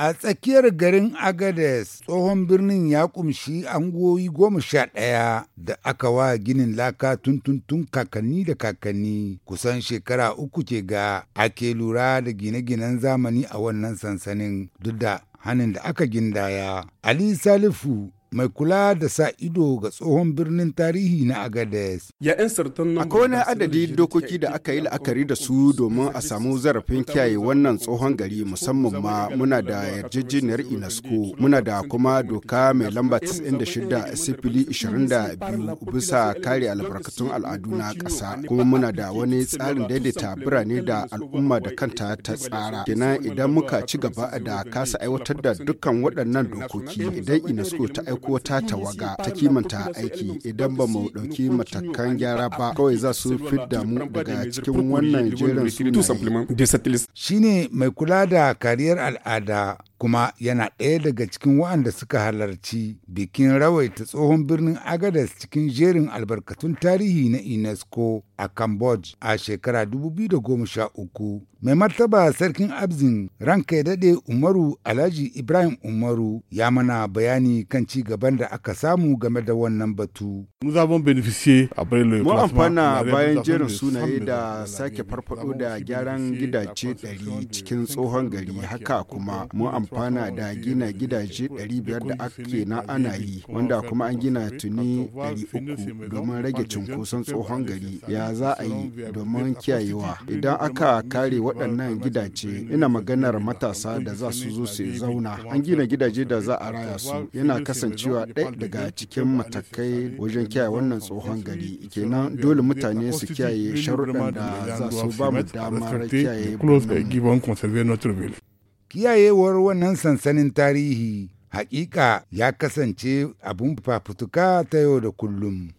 A tsakiyar garin Agades tsohon birnin ya kumshi angoyi goma sha ɗaya da aka wa ginin laka tuntuntun kakanni da kakanni kusan shekara uku ke ga ake lura da gine-ginen zamani a wannan sansanin duk da hannun da aka gindaya. Ali Salifu mai kula da sa ido ga tsohon birnin tarihi na agades akwai wani adadi dokoki da aka yi la'akari da su domin a samu zarafin kiyaye wannan tsohon gari musamman ma muna da yarjejeniyar unesco muna da kuma doka mai lamba 96 sifili 22 bisa kare albarkatun al'adu na ƙasa kuma muna da wani tsarin daidaita birane da al'umma da kanta ta tsara kenan idan muka ci gaba da kasa aiwatar da dukkan waɗannan dokoki idan unesco ta ko ta tawaga ta kimanta aiki idan ba mu ɗauki matakan gyara ba kawai za su fidda mu daga cikin wannan jerin sunaye. Shi ne mai kula da kariyar al'ada kuma yana ɗaya daga cikin waɗanda suka halarci bikin rawaita tsohon birnin agadas cikin jerin albarkatun tarihi na unesco a cambodge a shekara 2013 mai martaba sarkin abzin ranka ya daɗe umaru alhaji ibrahim umaru ya mana bayani kan ci gaban da aka samu game da wannan batu mu amfana bayan jerin sunaye da sake farfado da gyaran gidace cikin tsohon gari haka kuma mu amfana da gina gidaje 500 da ake na ana yi wanda kuma an gina tuni 300 domin rage cunkoson tsohon gari ya za a yi domin kiyayewa idan aka kare waɗannan gidaje ina maganar matasa da za su zo su zauna an gina gidaje da za a raya su yana kasancewa ɗaya daga cikin matakai wajen kiyaye wannan tsohon gari kenan dole mutane su kiyaye sharuɗan da za su ba mu damar kiyaye Kiyayewar wannan sansanin tarihi hakika ya kasance abun fafutuka ta yau da kullum.